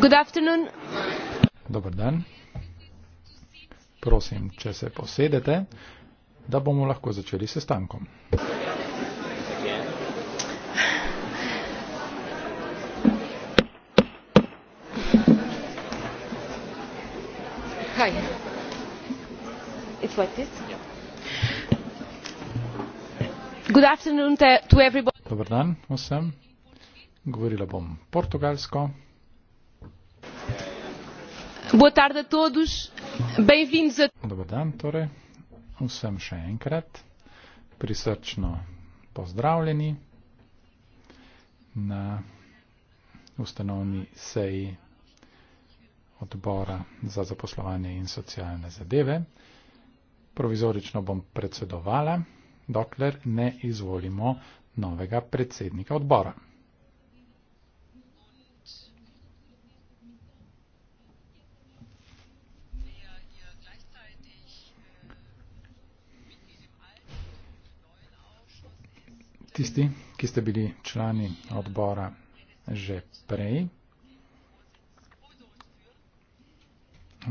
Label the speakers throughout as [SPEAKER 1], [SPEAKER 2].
[SPEAKER 1] Good afternoon. Dobar dan. Prosim, če se posedete, da bomo lahko začeli s stankom. Hi. It's like this. Good afternoon to everybody. Dobar dan vsem. Govorila bom portugalsko. Boa tarde a todos. Bem-vindos a. Dobar dan, torej. Vsem še enkrat prisrčno pozdravljeni na ustanovni seji odbora za zaposlovanje in socialne zadeve. Provizorično bom predsedovala, dokler ne izvolimo novega predsednika odbora. tisti, ki ste bili člani odbora že prej,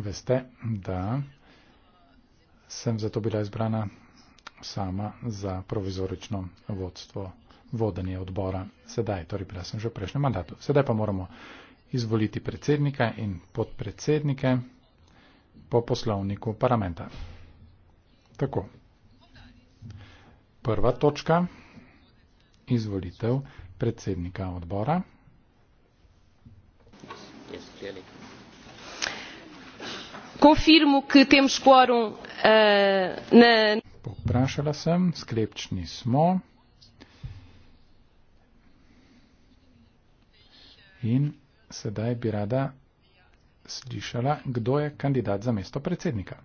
[SPEAKER 1] veste, da sem zato bila izbrana sama za provizorično vodstvo, vodanje odbora. Sedaj, torej bila sem že v prejšnjem mandatu. Sedaj pa moramo izvoliti predsednika in podpredsednike po poslovniku parlamenta. Tako. Prva točka izvolitev predsednika odbora. Konfirmu, ki tem škorum eh, ne. Poprašala sem, sklepčni smo. In sedaj bi rada slišala, kdo je kandidat za mesto predsednika.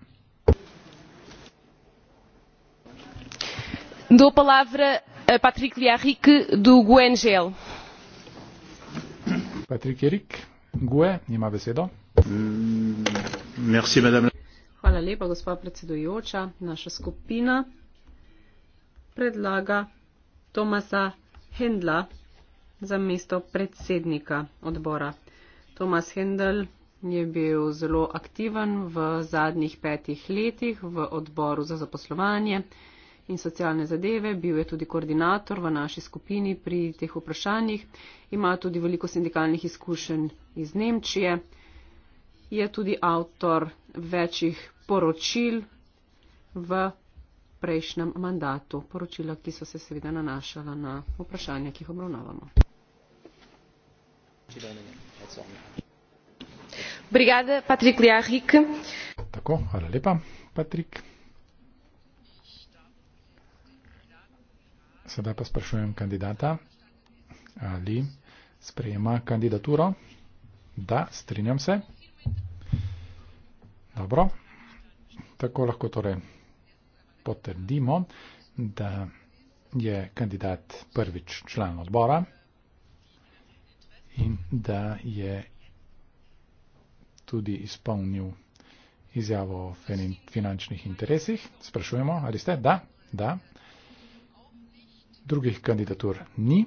[SPEAKER 1] Do palavra Eh, Patrick Vlahik do GUE NGL. Patrick Erik, GUE ima besedo. Mm, merci, Hvala lepa, gospod predsedujoča. Naša skupina predlaga Tomasa Hendla za mesto predsednika odbora. Tomas Hendl je bil zelo aktiven v zadnjih petih letih v odboru za zaposlovanje, in socialne zadeve, bil je tudi koordinator v naši skupini pri teh vprašanjih, ima tudi veliko sindikalnih izkušenj iz Nemčije, je tudi avtor večjih poročil v prejšnjem mandatu, poročila, ki so se seveda nanašala na vprašanja, ki jih obravnavamo. Brigade Patrik Ljahik. Tako, hvala lepa, Patrik. Sedaj pa sprašujem kandidata, ali sprejema kandidaturo. Da, strinjam se. Dobro, tako lahko torej potrdimo, da je kandidat prvič član odbora in da je tudi izpolnil izjavo o finančnih interesih. Sprašujemo, ali ste? Da, da drugih kandidatur ni,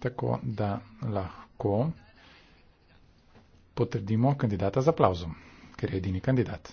[SPEAKER 1] tako da lahko potrdimo kandidata za aplauzom, ker je edini kandidat.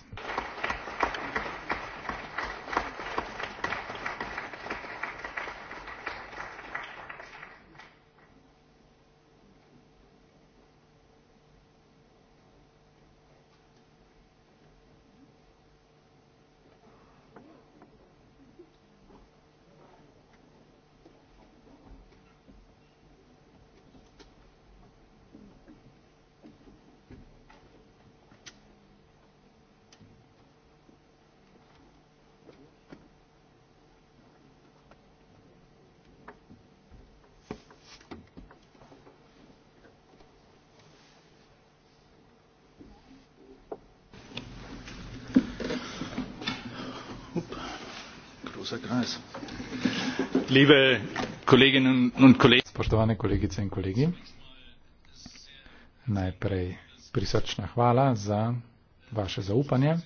[SPEAKER 1] großer Kreis. Liebe Kolleginnen und Kollegen, spoštovane kolegice in kolegi, najprej prisrčna hvala za vaše zaupanje,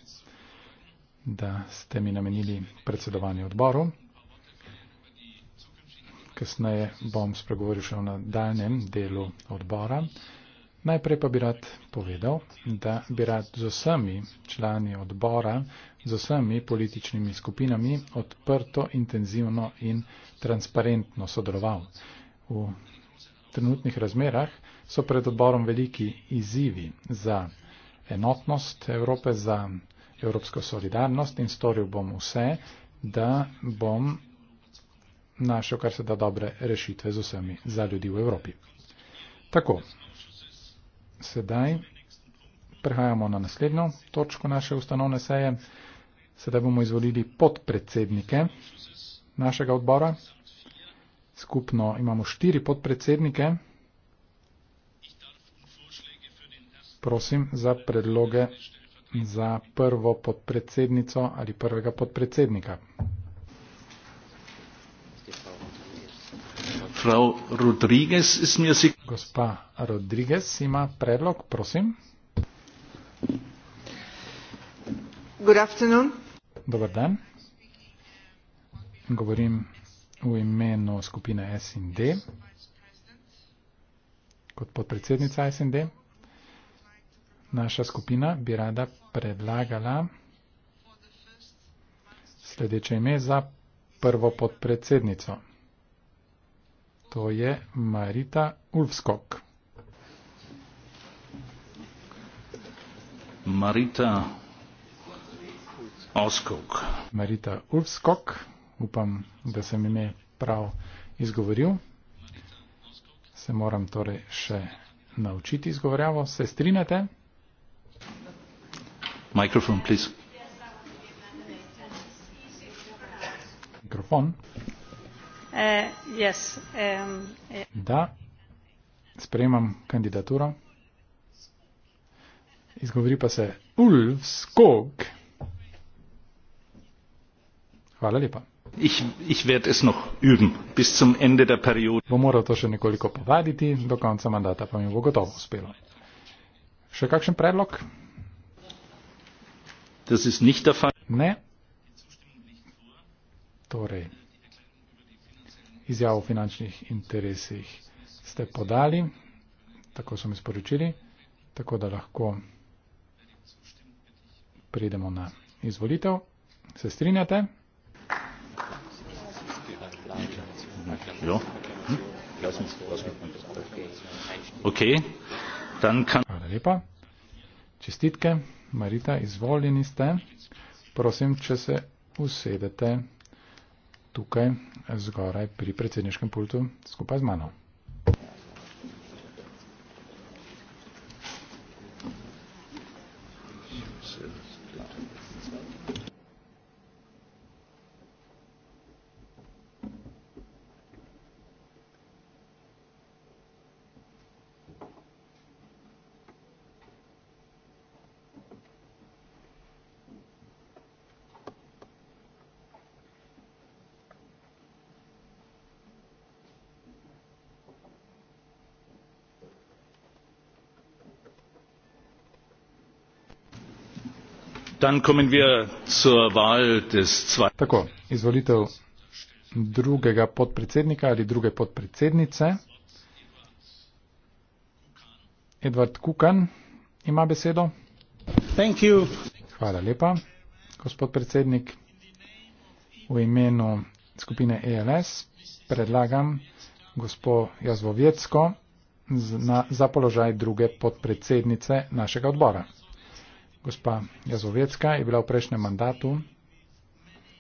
[SPEAKER 1] da ste mi namenili predsedovanje odboru. Kasneje bom spregovoril še o nadaljem delu odbora. Najprej pa bi rad povedal, da bi rad z vsemi člani odbora, z vsemi političnimi skupinami odprto, intenzivno in transparentno sodeloval. V trenutnih razmerah so pred odborom veliki izzivi za enotnost Evrope, za evropsko solidarnost in storil bom vse, da bom našel kar se da dobre rešitve z vsemi za ljudi v Evropi. Tako, sedaj prehajamo na naslednjo točko naše ustanovne seje. Sedaj bomo izvolili podpredsednike našega odbora. Skupno imamo štiri podpredsednike. Prosim za predloge za prvo podpredsednico ali prvega podpredsednika. Frau Rodriguez ist mir sie Gospa Rodriguez ima predlog, prosim. Good afternoon. Dobar dan. Govorim v imenu skupine S&D kot podpredsednica S&D. Naša skupina bi rada predlagala sledeče ime za prvo podpredsednico to je Marita Ulfskog. Marita Oskog. Marita Ulfskog, upam, da sem ime prav izgovoril. Se moram torej še naučiti izgovorjavo. Se strinjate? Mikrofon, please. Mikrofon. Uh, yes, um, yeah. Uh, da, sprejemam kandidaturo. Izgovori pa se Ulf Skog. Hvala lepa. Ich, ich werde es noch üben, bis zum Ende der Periode. Bo moral to še nekoliko povaditi, do konca mandata pa mi bo gotovo uspelo. Še kakšen predlog? Das ist nicht der Fall. Ne. Torej izjavo o finančnih interesih ste podali, tako so mi sporočili, tako da lahko pridemo na izvolitev. Se strinjate? Hvala lepa. Čestitke. Marita, izvoljeni ste. Prosim, če se usedete tukaj zgoraj pri predsedniškem pultu skupaj z mano. tako izvolitev drugega podpredsednika ali druge podpredsednice. Edvard Kukan ima besedo. Hvala lepa, gospod predsednik. V imenu skupine ELS predlagam gospod Jazvovjecko za položaj druge podpredsednice našega odbora. Gospa Jazovecka je bila v prejšnjem mandatu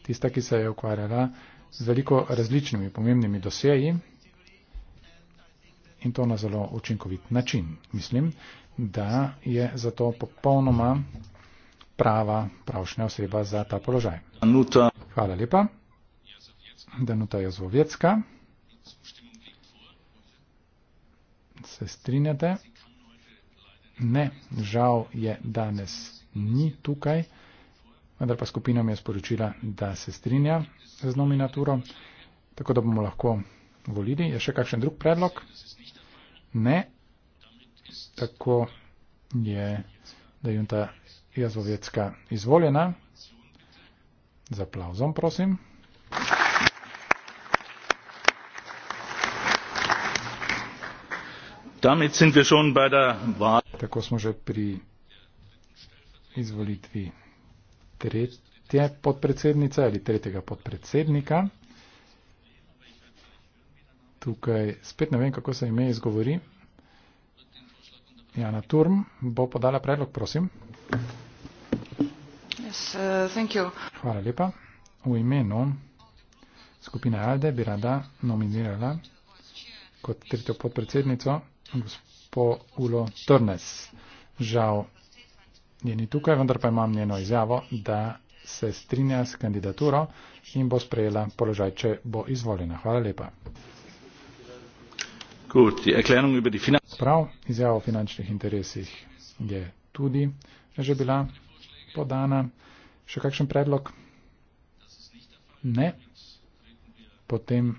[SPEAKER 1] tista, ki se je ukvarjala z veliko različnimi pomembnimi doseji in to na zelo učinkovit način. Mislim, da je zato popolnoma prava pravšnja oseba za ta položaj. Danuta. Hvala lepa. Danuta Jazovecka. Se strinjate? Ne, žal je danes ni tukaj, vendar pa skupina mi je sporočila, da se strinja z nominaturo, tako da bomo lahko volili. Je še kakšen drug predlog? Ne, tako je, da je junta Jazovecka izvoljena. Z aplauzom, prosim. Damit sind wir schon bei der Wahl tako smo že pri izvolitvi tretje podpredsednice ali tretjega podpredsednika. Tukaj spet ne vem, kako se ime izgovori. Jana Turm bo podala predlog, prosim. Yes, uh, Hvala lepa. V imenu skupine Alde bi rada nominirala kot tretjo podpredsednico gospod gospo Ulo Trnes. Žal je ni tukaj, vendar pa imam njeno izjavo, da se strinja s kandidaturo in bo sprejela položaj, če bo izvoljena. Hvala lepa. Prav, izjava o finančnih interesih je tudi že bila podana. Še kakšen predlog? Ne. Potem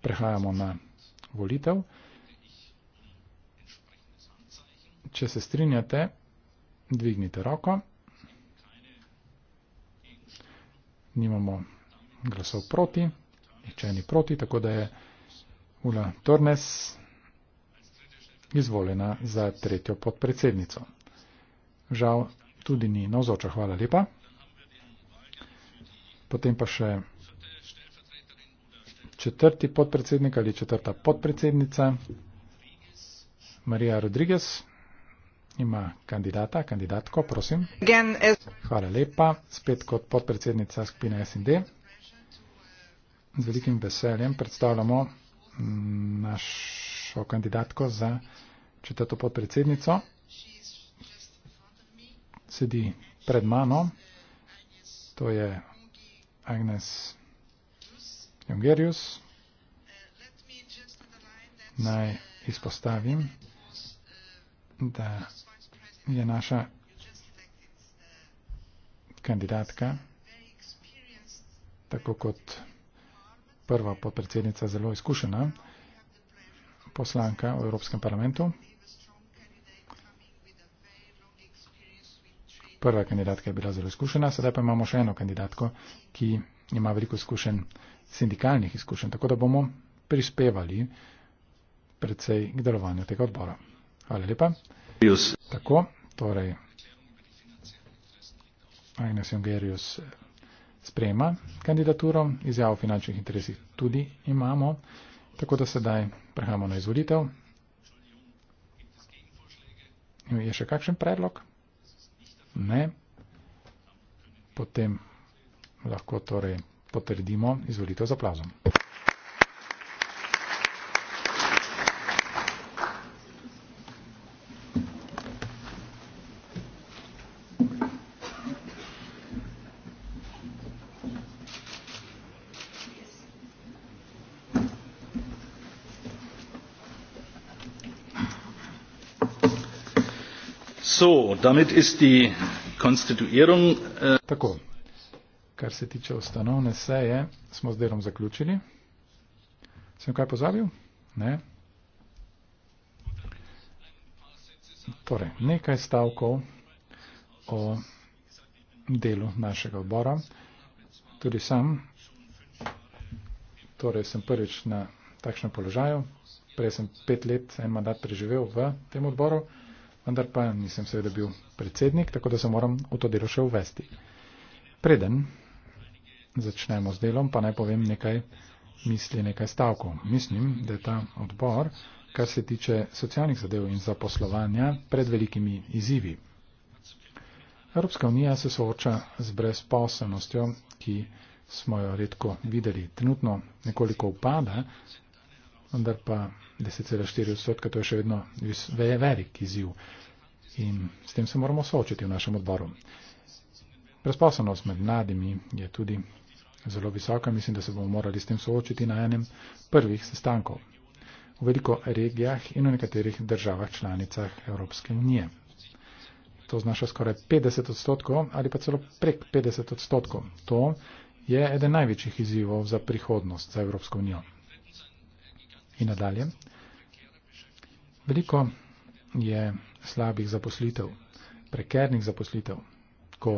[SPEAKER 1] prehajamo na volitev. Če se strinjate, dvignite roko. Nimamo glasov proti, niče ni proti, tako da je Ula Tornes izvoljena za tretjo podpredsednico. Žal tudi ni navzoča, hvala lepa. Potem pa še četrti podpredsednik ali četrta podpredsednica, Marija Rodriguez. Ima kandidata, kandidatko, prosim. Hvala lepa, spet kot podpredsednica skupine SND. Z velikim veseljem predstavljamo mm, našo kandidatko za četrto podpredsednico. Sedi pred mano, to je Agnes Jungerius. Naj izpostavim, da je naša kandidatka, tako kot prva podpredsednica, zelo izkušena poslanka v Evropskem parlamentu. Prva kandidatka je bila zelo izkušena, sedaj pa imamo še eno kandidatko, ki ima veliko izkušenj, sindikalnih izkušenj, tako da bomo prispevali predvsej k delovanju tega odbora. Hvala lepa. Jus. Tako, torej. Agnes Jungerius sprejema kandidaturo, izjavo o finančnih interesih tudi imamo, tako da sedaj prehajamo na izvolitev. Je še kakšen predlog? Ne. Potem lahko torej potrdimo izvolitev za plazom. Äh, Tako, kar se tiče ustanovne seje, smo z delom zaključili. Sem kaj pozabil? Ne. Torej, nekaj stavkov o delu našega odbora. Tudi sam, torej sem prvič na takšnem položaju, prej sem pet let en mandat preživel v tem odboru vendar pa nisem seveda bil predsednik, tako da se moram v to delo še uvesti. Preden začnemo z delom, pa naj povem nekaj misli, nekaj stavkov. Mislim, da je ta odbor, kar se tiče socialnih zadev in zaposlovanja, pred velikimi izzivi. Evropska unija se sooča z brezposelnostjo, ki smo jo redko videli. Trenutno nekoliko upada, vendar pa 10,4 odstotka, to je še vedno velik izziv. In s tem se moramo soočiti v našem odboru. Razposobnost med mladimi je tudi zelo visoka. Mislim, da se bomo morali s tem soočiti na enem prvih sestankov v veliko regijah in v nekaterih državah članicah Evropske unije. To znaša skoraj 50 odstotkov ali pa celo prek 50 odstotkov. To je eden največjih izzivov za prihodnost za Evropsko unijo. In nadalje. Veliko je slabih zaposlitev, prekernih zaposlitev, ko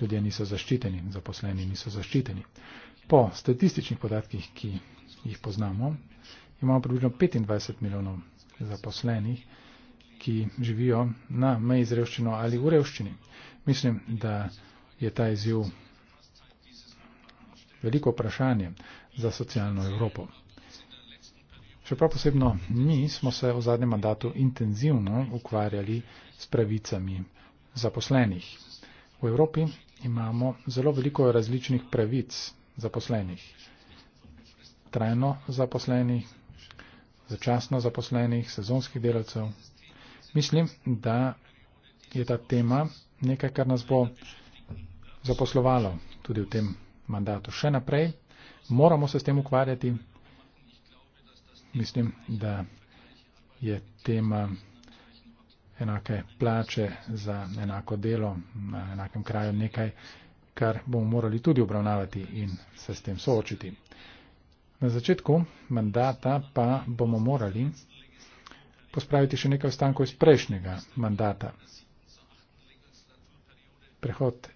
[SPEAKER 1] ljudje niso zaščiteni, zaposleni niso zaščiteni. Po statističnih podatkih, ki jih poznamo, imamo približno 25 milijonov zaposlenih, ki živijo na meji z revščino ali v revščini. Mislim, da je ta izjiv veliko vprašanje za socialno Evropo. Čeprav posebno mi smo se v zadnjem mandatu intenzivno ukvarjali s pravicami zaposlenih. V Evropi imamo zelo veliko različnih pravic zaposlenih. Trajno zaposlenih, začasno zaposlenih, sezonskih delavcev. Mislim, da je ta tema nekaj, kar nas bo zaposlovalo tudi v tem mandatu. Še naprej moramo se s tem ukvarjati mislim, da je tema enake plače za enako delo na enakem kraju nekaj, kar bomo morali tudi obravnavati in se s tem soočiti. Na začetku mandata pa bomo morali pospraviti še nekaj ostankov iz prejšnjega mandata. Prehod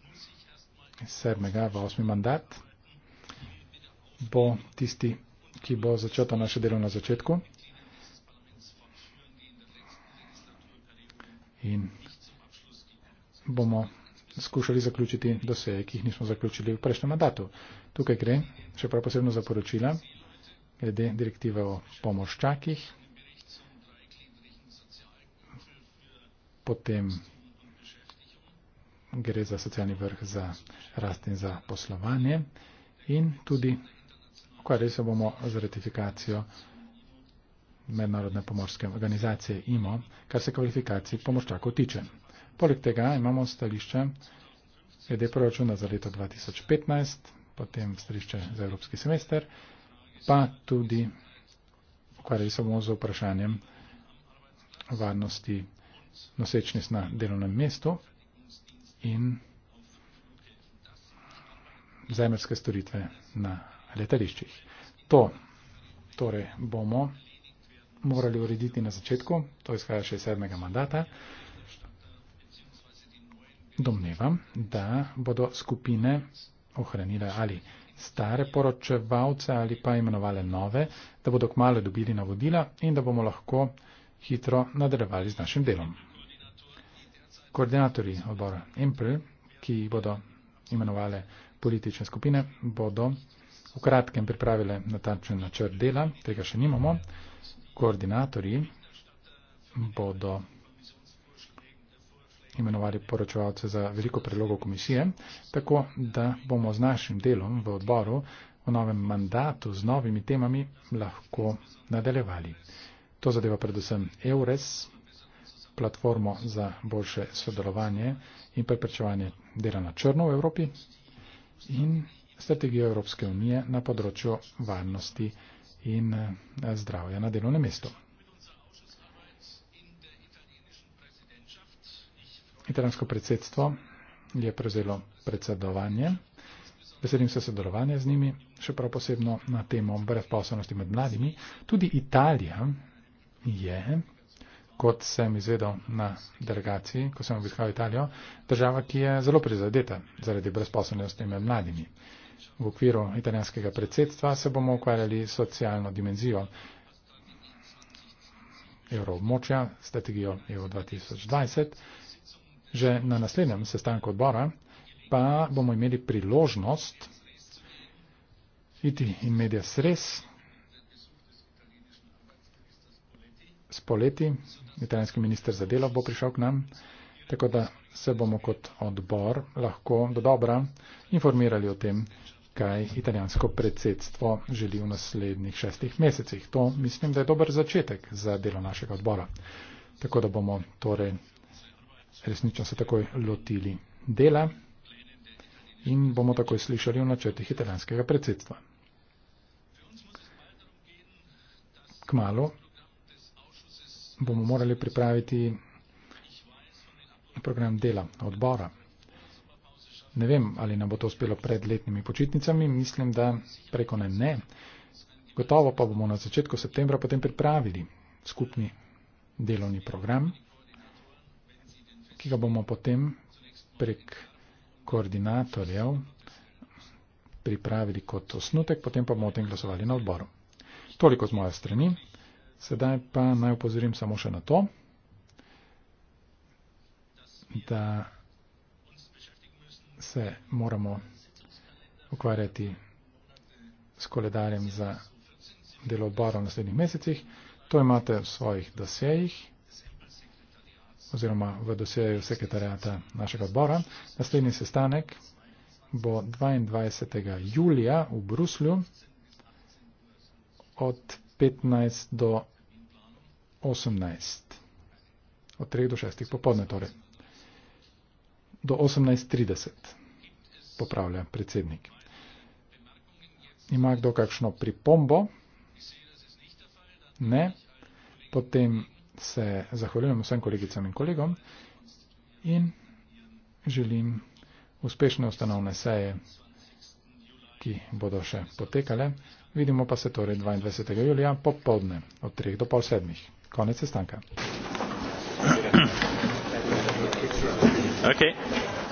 [SPEAKER 1] iz sedmega v osmi mandat bo tisti ki bo začeto naše delo na začetku. In bomo skušali zaključiti doseje, ki jih nismo zaključili v prejšnjem mandatu. Tukaj gre še prav posebno za poročila glede direktive o pomoščakih, potem gre za socialni vrh, za rast in za poslovanje in tudi ukvarjali se bomo z ratifikacijo Mednarodne pomorske organizacije IMO, kar se kvalifikacij pomorščakov tiče. Poleg tega imamo stališče glede proračuna za leto 2015, potem stališče za evropski semester, pa tudi ukvarjali se bomo z vprašanjem varnosti nosečnic na delovnem mestu in zemljske storitve na letališčih. To torej bomo morali urediti na začetku, to izhaja še iz sedmega mandata. Domnevam, da bodo skupine ohranile ali stare poročevalce ali pa imenovale nove, da bodo kmalo dobili navodila in da bomo lahko hitro nadaljevali z našim delom. Koordinatori odbora Empl, ki bodo imenovali politične skupine, bodo v kratkem pripravile natančen načrt dela, tega še nimamo. Koordinatorji bodo imenovali poročevalce za veliko predlogov komisije, tako da bomo z našim delom v odboru v novem mandatu z novimi temami lahko nadaljevali. To zadeva predvsem EURES, platformo za boljše sodelovanje in preprečevanje dela na črno v Evropi in strategijo Evropske unije na področju varnosti in eh, zdravja na delovnem mestu. Italijansko predsedstvo je prevzelo predsedovanje. Veselim se sodelovanja z njimi, še prav posebno na temo brezposobnosti med mladimi. Tudi Italija je, kot sem izvedel na delegaciji, ko sem obiskal Italijo, država, ki je zelo prizadeta zaradi brezposobnosti med mladimi v okviru italijanskega predsedstva se bomo ukvarjali s socialno dimenzijo evroobmočja, strategijo EU 2020. Že na naslednjem sestanku odbora pa bomo imeli priložnost iti in medija sres s poleti. Italijanski minister za delo bo prišel k nam, tako da se bomo kot odbor lahko do dobra informirali o tem, kaj italijansko predsedstvo želi v naslednjih šestih mesecih. To mislim, da je dober začetek za delo našega odbora. Tako da bomo torej resnično se takoj lotili dela in bomo takoj slišali v načrtih italijanskega predsedstva. Kmalo bomo morali pripraviti program dela odbora. Ne vem, ali nam bo to uspelo pred letnimi počitnicami, mislim, da preko ne ne. Gotovo pa bomo na začetku septembra potem pripravili skupni delovni program, ki ga bomo potem prek koordinatorjev pripravili kot osnutek, potem pa bomo o tem glasovali na odboru. Toliko z moje strani. Sedaj pa naj upozorim samo še na to, da se moramo ukvarjati s koledarjem za delo odbora v naslednjih mesecih. To imate v svojih dosejih oziroma v dosejeju sekretarjata našega odbora. Naslednji sestanek bo 22. julija v Bruslju od 15 do 18. Od 3 do 6. popodne torej do 18.30, popravlja predsednik. Ima kdo kakšno pripombo? Ne. Potem se zahvaljujem vsem kolegicam in kolegom in želim uspešne ustanovne seje, ki bodo še potekale. Vidimo pa se torej 22. julija popoldne od 3 do pol sedmih. Konec sestanka. Okay.